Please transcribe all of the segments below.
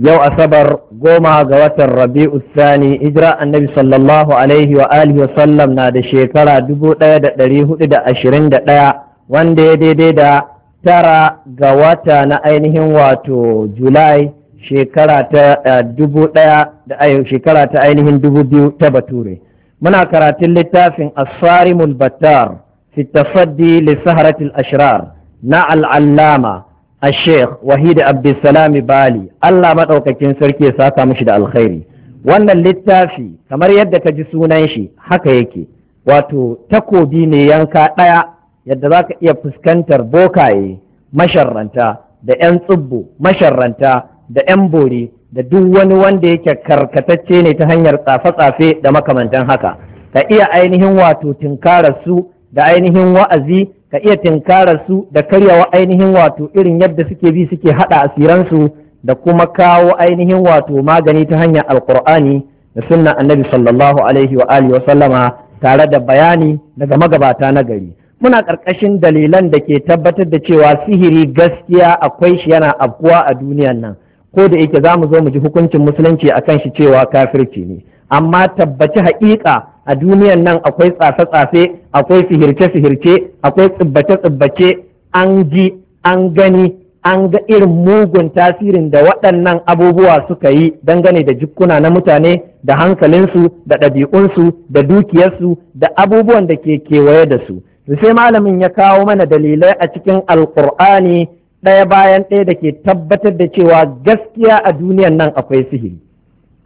yau asabar goma ga watan rabi'u sani hijira annabi sallallahu alaihi wa alihi wa sallam na da shekara 1421 wanda ya daidai da tara ga wata na ainihin wato julai shekara ta eh, dubu ɗaya da ayo shekara ta ainihin dubu biyu ta bature muna karatun littafin asarimul battar fi tafaddi li saharatil ashrar na al'allama الشيخ وحيد عبد السلام بالي الله sarki سركي ساتا مشي da alkhairi wannan littafi kamar yadda ka ji sunan shi haka yake wato takobi ne yanka ɗaya yadda za ka iya fuskantar bokaye masharranta da 'yan tsubbo masharranta da 'yan bori da duk wani wanda yake karkatacce ne ta hanyar tsafe-tsafe da makamantan haka ka iya ainihin wato tinkarar su da ainihin wa'azi ka iya tinkarar su da karyawa ainihin wato irin yadda suke bi suke haɗa asiransu da kuma kawo ainihin wato magani ta hanyar alkur'ani da sunna annabi sallallahu alaihi wa alihi wa sallama tare da bayani daga magabata na gari muna ƙarƙashin dalilan da ke tabbatar da cewa sihiri gaskiya akwai shi yana afkuwa a duniyan nan ko da yake zamu zo mu ji hukuncin musulunci akan shi cewa kafirci ne amma tabbaci haƙiƙa a duniyan nan akwai tsafe-tsafe akwai sihirce-sihirce akwai tsibbace-tsibbace an ji an gani an ga irin mugun tasirin da waɗannan abubuwa suka yi dangane da jikuna na mutane da hankalinsu da ɗabi'unsu da dukiyarsu da abubuwan da ke kewaye da su sai malamin ya kawo mana dalilai a cikin alkur'ani ɗaya bayan ɗaya da ke tabbatar da cewa gaskiya a duniyan nan akwai sihiri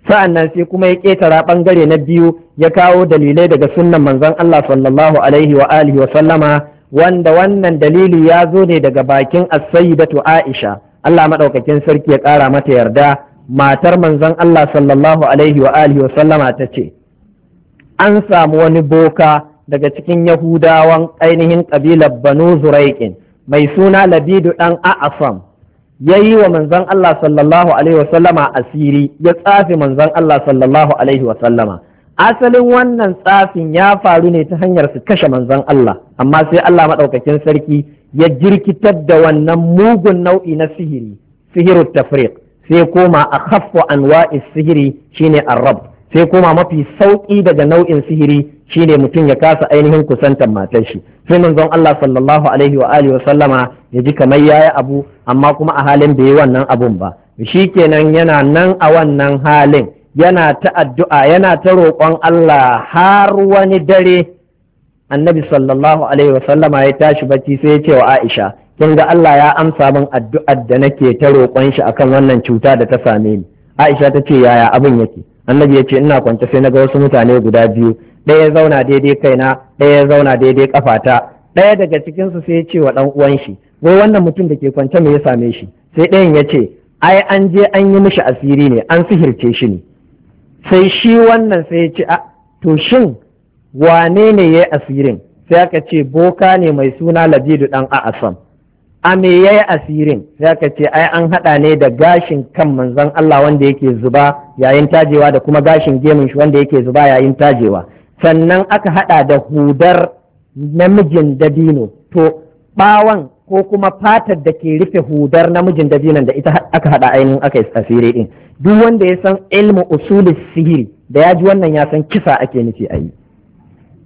sa'annan sai kuma ya ƙetara ɓangare na biyu ya kawo dalilai daga sunnan manzon Allah sallallahu alaihi wa alihi wa sallama wanda wannan dalili ya zo ne daga bakin as-sayyidatu Aisha Allah madaukakin sarki ya ƙara mata yarda matar manzon Allah sallallahu alaihi wa alihi wa sallama ta ce an samu wani boka daga cikin Yahudawan ainihin ƙabilar Banu Zuraikin, mai suna Labidu ɗan A'asam ya yi wa manzon Allah sallallahu alaihi wasallama asiri ya tsafi manzon Allah sallallahu alaihi wasallama asalin wannan tsafin ya faru ne ta hanyar su kashe manzon Allah amma sai Allah maɗaukakin sarki ya jirkitar da wannan mugun nau'i na sihiri sihiru tafriq sai koma a khaffu anwa'is sihiri shine arab sai koma mafi sauƙi daga nau'in sihiri Shi ne mutum ya kasa ainihin kusantar matar shi sai manzon Allah sallallahu alaihi wa alihi wa sallama ya ji kamar yayi abu amma kuma a halin bai wannan abun ba shikenan yana nan a wannan halin yana ta addu'a yana ta roƙon Allah har wani dare annabi sallallahu alaihi wa sallama ya tashi bacci sai ya ce wa Aisha kin ga Allah ya amsa min addu'ar da nake ta roƙon shi akan wannan cuta da ta same ni Aisha ta ce yaya abin yake annabi ya ce ina kwance sai na ga wasu mutane guda biyu ɗaya ya zauna daidai kaina ɗaya ya zauna daidai kafata ɗaya daga cikinsu sai ya ce wa ɗan uwan shi wai wannan mutum da ke kwance me ya same shi sai ɗayan ya ce ai an je an yi mishi asiri ne an sihirce shi ne sai shi wannan sai ya ce a to shin wane ne ya yi asirin sai aka ce boka ne mai suna labidu ɗan a'asam a me ya yi asirin sai aka ce ai an haɗa ne da gashin kan manzon Allah wanda yake zuba yayin tajewa da kuma gashin gemun shi wanda yake zuba yayin tajewa sannan aka haɗa da hudar namijin dabino to ɓawan ko kuma fatar da ke rufe hudar namijin dabinon da ita aka haɗa ainihin aka yi tsafire ɗin duk wanda ya san ilmu usulis sihiri da ya ji wannan ya san kisa ake nufi a yi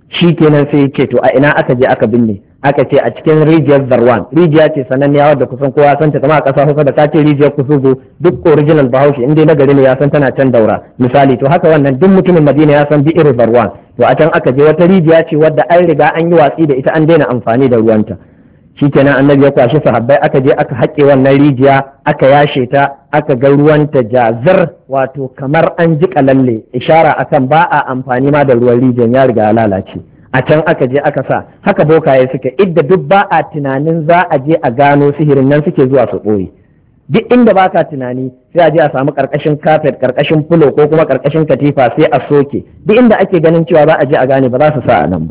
shi kenan sai ce to a ina aka je aka binne aka ce a cikin rijiyar zarwan rijiya ce sananniya wadda kusan kowa san ta kama a ƙasa hausa da ta ce rijiyar kusurzo duk original bahaushe in na gari ne ya san tana can daura misali to haka wannan duk mutumin madina ya san bi bi'ir zarwan to a can aka je wata rijiya ce wadda an riga an yi watsi da ita an daina amfani da ruwanta kenan annabi ya kwashi sahabbai aka je aka haƙe wannan rijiya aka yashe ta aka ga ruwanta jazir wato kamar an ji lalle ishara akan ba a amfani ma da ruwan rijiyan ya riga lalace a can aka je aka sa haka bokaye suke idda duk ba a tunanin za a je a gano sihirin nan suke zuwa su ɓoye duk inda ba ka tunani sai a je a samu karkashin kafet karkashin fulo ko kuma karkashin katifa sai a soke duk inda ake ganin cewa ba a je a gane ba za su sa a nan ba